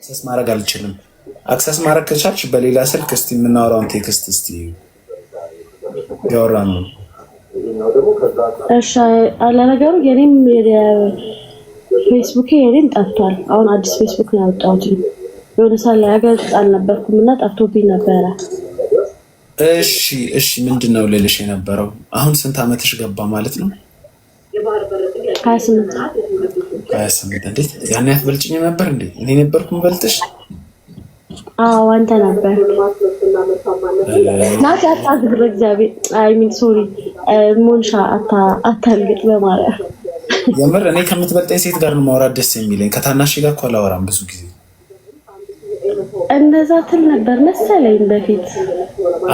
አክሰስ ማድረግ አልችልም። አክሰስ ማድረግ ከቻች በሌላ ስልክ እስቲ የምናወራውን ቴክስት እስቲ ያወራ ነው። እሺ አለነገሩ የኔም ፌስቡኬ የኔም ጠፍቷል። አሁን አዲስ ፌስቡክ ነው ያወጣሁት። የሆነ ሰዓት ላይ አልነበርኩም እና ጠፍቶብኝ ነበረ። እሺ እሺ፣ ምንድን ነው ልልሽ የነበረው? አሁን ስንት አመትሽ ገባ ማለት ነው? ሀያ ስምንት ሀያ ስምንት እንዴት ያን ያህል በልጭኝ ነበር እንዴ? እኔ ነበርኩ የምበልጥሽ? አዎ አንተ ነበር። ናቲ አታዝግ፣ በእግዚአብሔር አይ ሚን ሶሪ ሞንሻ አታልግጥ በማርያም። የምር እኔ ከምትበልጠኝ ሴት ጋር ነው ማውራት ደስ የሚለኝ። ከታናሽ ጋር እኮ አላወራም ብዙ ጊዜ። እንደዛ ትል ነበር መሰለኝ በፊት።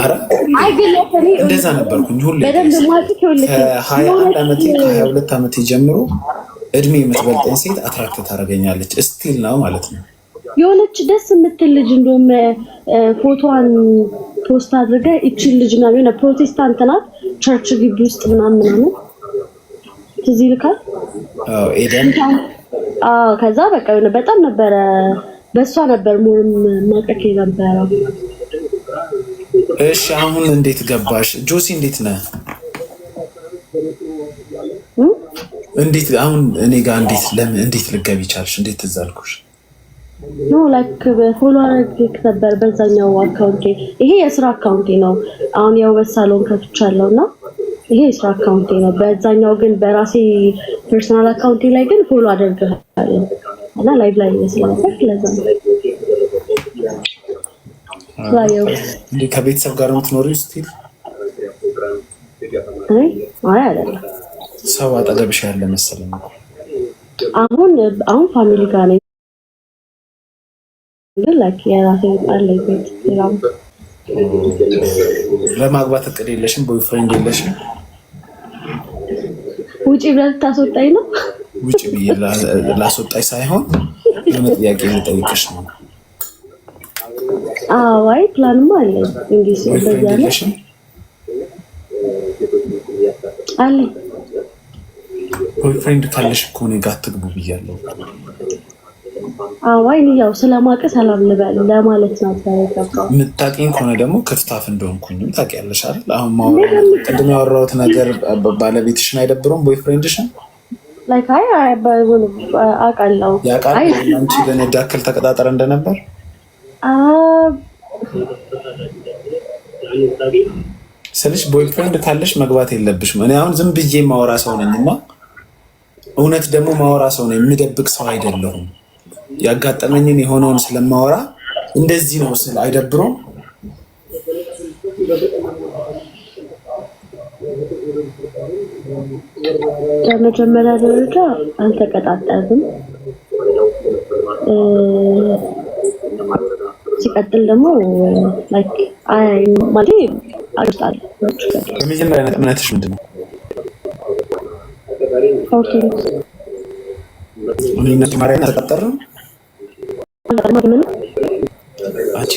ኧረ እንደዛ ነበርኩኝ ሁሌ ከሀያ አንድ ዓመቴ ከሀያ ሁለት ዓመቴ ጀምሮ እድሜ የምትበልጠኝ ሴት አትራክት ታደርገኛለች። እስቲል ነው ማለት ነው። የሆነች ደስ የምትል ልጅ እንደውም ፎቶዋን ፖስት አድርጋ ይችን ልጅ ና የሆነ ፕሮቴስታንት ናት፣ ቸርች ግቢ ውስጥ ምናምን ምናምን ትዝ ይልካል። ኤደን ከዛ በቃ የሆነ በጣም ነበረ በእሷ ነበር ሞርም ማቀቅ ነበረው። እሺ አሁን እንዴት ገባሽ ጆሲ? እንዴት ነህ? እንዴት አሁን እኔ ጋር እንዴት ለምን እንዴት ልገቢ ቻልሽ? እንዴት ትዝ ኖ ላይክ ፎሎ አድርጌክ ነበር በዛኛው አካውንቴ። ይሄ የስራ አካውንቴ ነው። አሁን የውበት ሳሎን ከፍቻለሁ እና ይሄ የስራ አካውንቴ ነው። በዛኛው ግን በራሴ ፐርሰናል አካውንቴ ላይ ግን ፎሎ አደርግሃለሁ እና ላይቭ ላይ ስለነበር ለዛ ነው ከቤተሰብ ጋር ነው የምትኖሪው? ስቲል አይ አይ አይደለም ሰው አጠገብሽ ያለ መሰለኝ። አሁን አሁን ፋሚሊ ጋር ነኝ ግን ላይክ የራሴ አለኝ ቤት ለማግባት እቅድ የለሽም? ቦይፍሬንድ የለሽም? ውጪ ብለህ ልታስወጣኝ ነው? ውጪ ብዬ ላስወጣኝ ሳይሆን የሆነ ጥያቄ ልጠይቅሽ ነው። አዋይ ፕላንም አለኝ እንግዲህ በዛ ነው አለኝ ፍሬንድ ካለሽ እኮ እኔ ጋር አትግቡ ብያለሁ። አዋይ ያው ስለማቀ ሰላም ልበል ለማለት ነው። የምታውቂኝ ከሆነ ደግሞ ክፍታፍ እንደሆንኩኝም ታውቂያለሽ አይደል? አሁን ቅድም ያወራሁት ነገር ባለቤትሽን አይደብረውም? ቦይፍሬንድሽን አውቃለሁ። ያውቃል አንቺ ለነዳ ያክል ተቀጣጠረ እንደነበር ስልሽ ቦይፍሬንድ ካለሽ መግባት የለብሽም። እኔ አሁን ዝም ብዬ ማወራ ሰው ነኝ እውነት ደግሞ ማወራ ሰው ነው፣ የሚደብቅ ሰው አይደለሁም። ያጋጠመኝን የሆነውን ስለማወራ እንደዚህ ነው ስል አይደብሮም። በመጀመሪያ ደረጃ አልተቀጣጠልም። ሲቀጥል ደግሞ ማለት በመጀመሪያ እምነትሽ ምንድን ነው? አውርተናል። ማርያም አልተቀጠርንም። አንቺ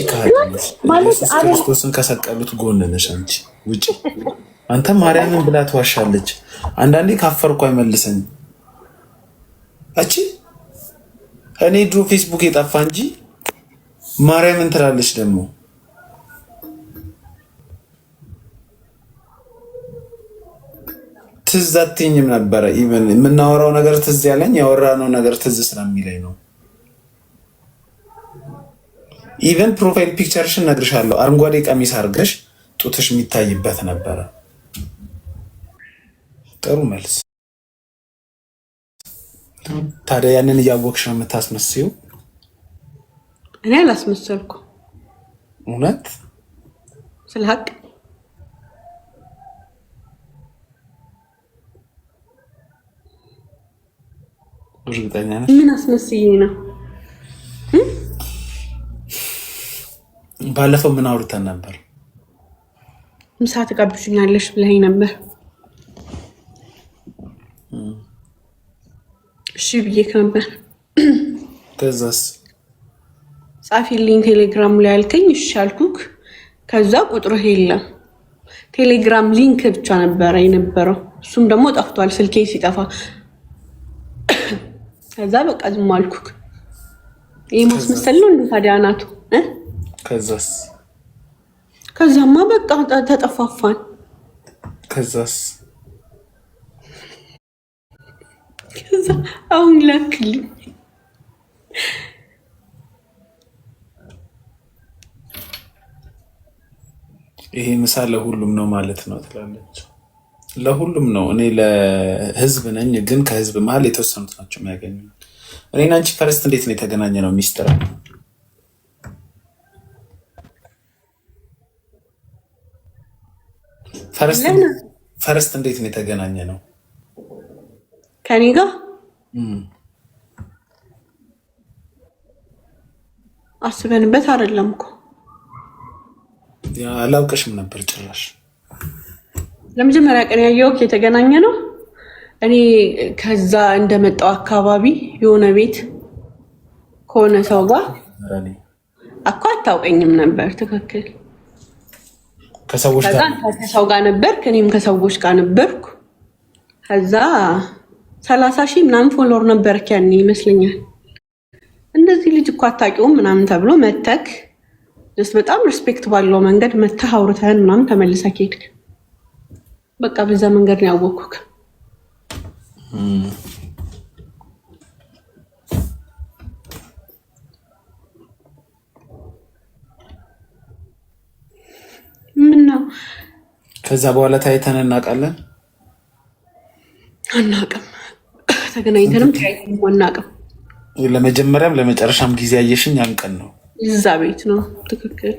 ኢየሱስ ክርስቶስን ከሰቀሉት ጎን ነሽ። አንቺ ውጭ አንተ ማርያምን ብላ ትዋሻለች። አንዳንዴ ካፈርኩ አይመልሰኝ እቺ እኔ ድሮ ፌስቡክ የጠፋ እንጂ ማርያምን ትላለች ደግሞ ትዝ አትይኝም ነበረ። ኢቨን የምናወራው ነገር ትዝ ያለኝ ያወራነው ነገር ትዝ ስለሚለኝ ነው። ኢቨን ፕሮፋይል ፒክቸርሽን ነግርሻለሁ፣ አረንጓዴ ቀሚስ አድርገሽ ጡትሽ የሚታይበት ነበረ። ጥሩ መልስ። ታዲያ ያንን እያወቅሽ ነው የምታስመስይው? እኔ አላስመሰልኩ። እውነት ስለ ሀቅ እርግጠኛ ነሽ? ምን አስመስዬ ነው? ባለፈው ምን አውርተን ነበር? ምሳ ትጋብዥኛለሽ ብለኸኝ ነበር። እሺ ብዬ ነበር። ከዛስ ጻፊልኝ ቴሌግራም ላይ ያልከኝ እሺ አልኩክ። ከዛ ቁጥርህ የለም ቴሌግራም ሊንክ ብቻ ነበረ የነበረው። እሱም ደግሞ ጠፍቷል። ስልኬ ሲጠፋ ከዛ በቃ ዝም አልኩክ። ይህ ማስመሰል ነው እንዴ ታዲያ ናቱ። ከዛስ ከዛማ በቃ ተጠፋፋን። ከዛስ ከዛ አሁን ላክልኝ ይሄ ምሳ ሁሉም ነው ማለት ነው ትላለች። ለሁሉም ነው። እኔ ለህዝብ ነኝ፣ ግን ከህዝብ መሀል የተወሰኑት ናቸው የሚያገኙ። እኔና አንቺ ፈረስት እንዴት ነው የተገናኘ ነው ሚስጥር ፈረስት እንዴት ነው የተገናኘ ነው? ከኔ ጋር አስበንበት አይደለም እኮ አላውቅሽም ነበር ጭራሽ ለመጀመሪያ ቀን ያየሁት የተገናኘ ነው። እኔ ከዛ እንደመጣው አካባቢ የሆነ ቤት ከሆነ ሰው ጋር እኮ አታውቀኝም ነበር። ትክክል። ከሰው ጋር ነበርክ፣ እኔም ከሰዎች ጋር ነበርኩ። ከዛ ሰላሳ ሺህ ምናምን ፎሎወር ነበርክ ያኔ ይመስለኛል። እንደዚህ ልጅ እኮ አታውቂውም ምናምን ተብሎ መተክ በጣም ሪስፔክት ባለው መንገድ መተህ አውርተህን ምናምን ተመልሰህ ሄድክ። በቃ በዛ መንገድ ነው ያወቅኩት። ምን ነው ከዛ በኋላ ታይተን እናውቃለን? አናውቅም። ተገናኝተንም ተያይተንም አናውቅም። ለመጀመሪያም ለመጨረሻም ጊዜ አየሽኝ ያን ቀን ነው፣ እዛ ቤት ነው። ትክክል።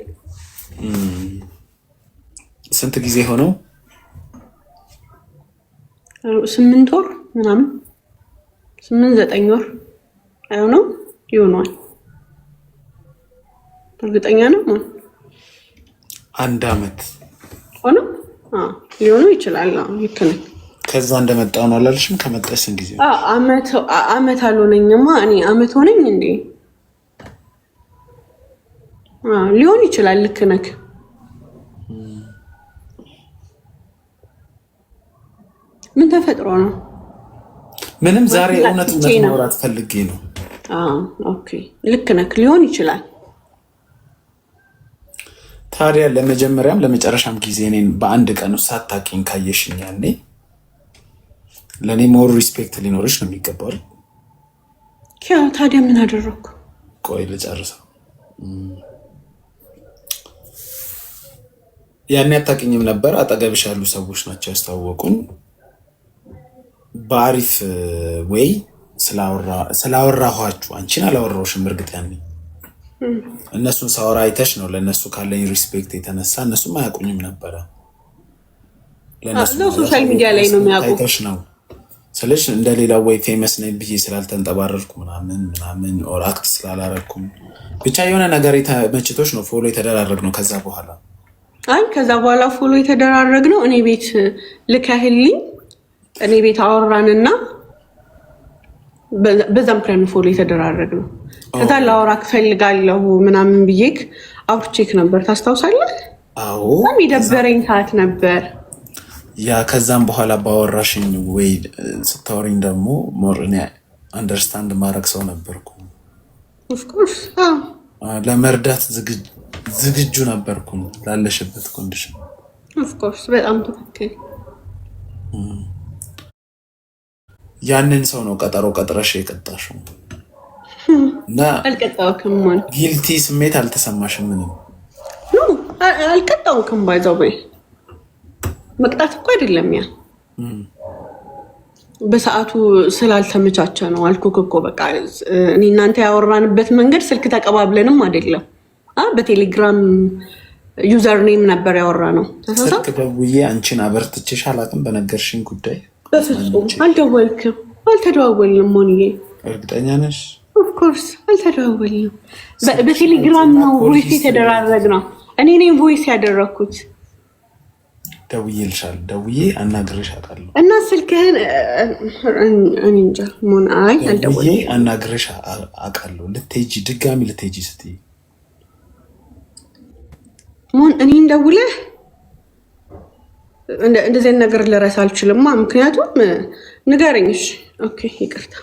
ስንት ጊዜ ሆነው? ስምንት ወር ምናምን ስምንት ዘጠኝ ወር አይሆነው ይሆነዋል። እርግጠኛ ነው አንድ አመት ሆነ ሊሆነው ይችላል። ልክ ነኝ። ከዛ እንደመጣ ነው አላልሽም? ከመጣሽ ስንት ጊዜ አመት አልሆነኝማ። እኔ አመት ሆነኝ እንዴ? ሊሆን ይችላል። ልክ ነህ። ምን ተፈጥሮ ነው? ምንም ዛሬ እውነት እውነት ማውራት ፈልጌ ነው። ልክ ሊሆን ይችላል። ታዲያ ለመጀመሪያም ለመጨረሻም ጊዜ እኔን በአንድ ቀን ውስጥ ሳታውቂኝ ካየሽኝ ያኔ ለእኔ ሞር ሪስፔክት ሊኖርሽ ነው የሚገባል። ያው ታዲያ ምን አደረግኩ? ቆይ ልጨርሰው። ያኔ አታውቂኝም ነበር። አጠገብሽ ያሉ ሰዎች ናቸው ያስታወቁን። በአሪፍ ወይ ስላወራኋችሁ አንቺን አላወራሁሽም። እርግጥ ያኔ እነሱን ሳወራ አይተሽ ነው። ለእነሱ ካለኝ ሪስፔክት የተነሳ እነሱም አያውቁኝም ነበረ። ሶሻል ሚዲያ ላይ ነው የሚያውቁሽ ነው ስለሽ እንደሌላው ወይ ፌመስ ነኝ ብዬ ስላልተንጠባረርኩ ምናምን ምናምን ኦር አክት ብቻ የሆነ ነገር መችቶች ነው ፎሎ የተደራረግ ነው። ከዛ በኋላ አይ ከዛ በኋላ ፎሎ የተደራረግ ነው እኔ ቤት ልከህልኝ እኔ ቤት አወራንና በዛም ፕራይም ፎሎ የተደራረግ ነው። ከዛ ላወራክ እፈልጋለሁ ምናምን ብዬክ አውርቼክ ነበር። ታስታውሳለህ? በጣም የደበረኝ ሰዓት ነበር ያ። ከዛም በኋላ ባወራሽኝ ወይ ስታወሪኝ ደግሞ ሞር እኔ አንደርስታንድ ማድረግ ሰው ነበርኩ። ለመርዳት ዝግጁ ነበርኩ ላለሽበት ኮንዲሽን። ኦፍኮርስ በጣም ትክክል ያንን ሰው ነው ቀጠሮ ቀጥረሽ የቀጣሽው እና ጊልቲ ስሜት አልተሰማሽም? ምንም አልቀጣውክም። ባይዛው ወይ መቅጣት እኮ አይደለም ያ በሰዓቱ ስላልተመቻቸ ነው አልኩክ እኮ በቃ እኔ እናንተ ያወራንበት መንገድ ስልክ ተቀባብለንም አይደለም በቴሌግራም ዩዘርኔም ነበር ያወራ ነው። ስልክ ደውዬ አንቺን አበርትቼሽ አላቅም በነገርሽኝ ጉዳይ በፍጹም አልደወልክም፣ አልተደዋወልንም። ሆንዬ እርግጠኛ ነሽ? ኦፍኮርስ አልተደዋወልንም። በቴሌግራም ነው ቮይስ የተደራረግ ነው። እኔ እኔ ቮይስ ያደረግኩት ደውዬልሻል፣ ደውዬ አናግሬሻታለሁ እና ስልክህን እኔ እንጃ መሆን አይ አልደወልኩም። አናግሬሻ አውቃለሁ። ልትሄጂ ድጋሚ ልትሄጂ ስትይ መሆን እኔ ደውለህ እንደዚህ ነገር ልረሳ አልችልማ። ምክንያቱም ንገረኝሽ። ኦኬ ይቅርታ።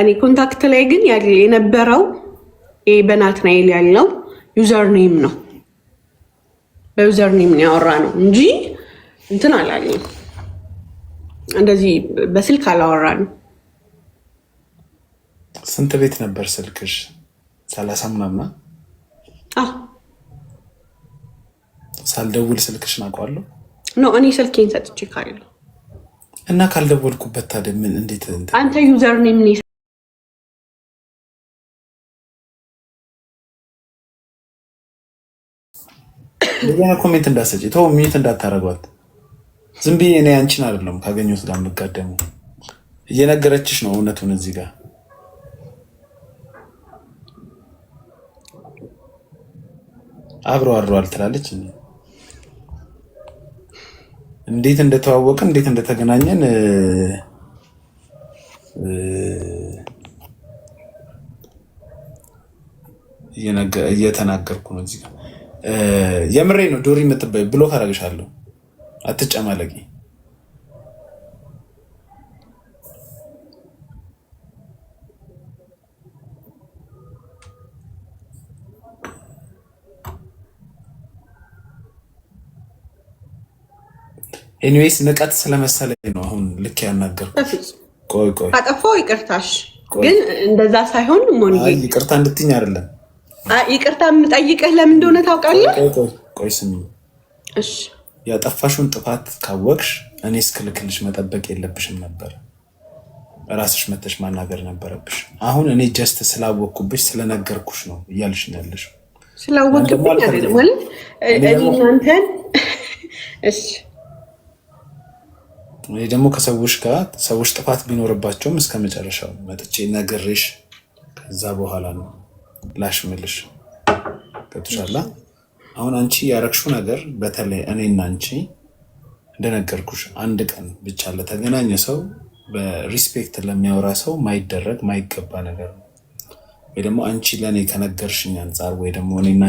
እኔ ኮንታክት ላይ ግን የነበረው በናትናኤል ያለው ዩዘር ኔም ነው። በዩዘር ኔም ያወራ ነው እንጂ እንትን አላለኝ። እንደዚህ በስልክ አላወራ ነው። ስንት ቤት ነበር ስልክሽ? ሰላሳ ምናምን ሳልደውል ስልክሽን አውቀዋለሁ? ኖ እኔ ስልኬን ሰጥቼ ካለው እና ካልደወልኩበት ታዲያ ምን እንዴት? አንተ ዩዘር ኔም ነው የሆነ ኮሜንት እንዳሰጭ ተው፣ ሚት እንዳታረጓት። ዝም ብዬ እኔ አንቺን አይደለም ካገኘሁት ጋር የምጋደሙ እየነገረችሽ ነው እውነቱን እዚህ ጋር አብሮ አድሯል ትላለች። እንዴት እንደተዋወቅን እንዴት እንደተገናኘን እየተናገርኩ ነው። እዚህ የምሬ ነው። ዶሪ የምትባይ ብሎ ካረግሻለሁ። አትጨማለቂ ኤኒዌይስ ንቀት ስለመሰለኝ ነው አሁን ልክ ያናገርኩት። ቆይ ቆይ አጠፋው ይቅርታሽ፣ ግን እንደዛ ሳይሆን ሞንዬ ይቅርታ እንድትኝ አይደለም ይቅርታ የምጠይቅህ ለምን እንደሆነ ታውቃለህ? ቆይ ስሚ፣ እሺ ያጠፋሽውን ጥፋት ካወቅሽ እኔ እስክልክልሽ መጠበቅ የለብሽም ነበር። ራስሽ መተሽ ማናገር ነበረብሽ። አሁን እኔ ጀስት ስላወቅኩብሽ ስለነገርኩሽ ነው እያልሽ ነው ያለሽ። ስላወቅብኝ አይደለም ማለት እኔ እናንተን እሺ እኔ ደግሞ ከሰዎች ጋር ሰዎች ጥፋት ቢኖርባቸውም እስከ መጨረሻው መጥቼ ነግሬሽ ከዛ በኋላ ነው ላሽምልሽ። ምልሽ አሁን አንቺ ያረግሽው ነገር በተለይ እኔና አንቺ እንደነገርኩሽ አንድ ቀን ብቻ ለተገናኘ ሰው በሪስፔክት ለሚያወራ ሰው ማይደረግ ማይገባ ነገር ነው። ወይ ደግሞ አንቺ ለእኔ ከነገርሽኝ አንጻር ወይ ደግሞ እኔና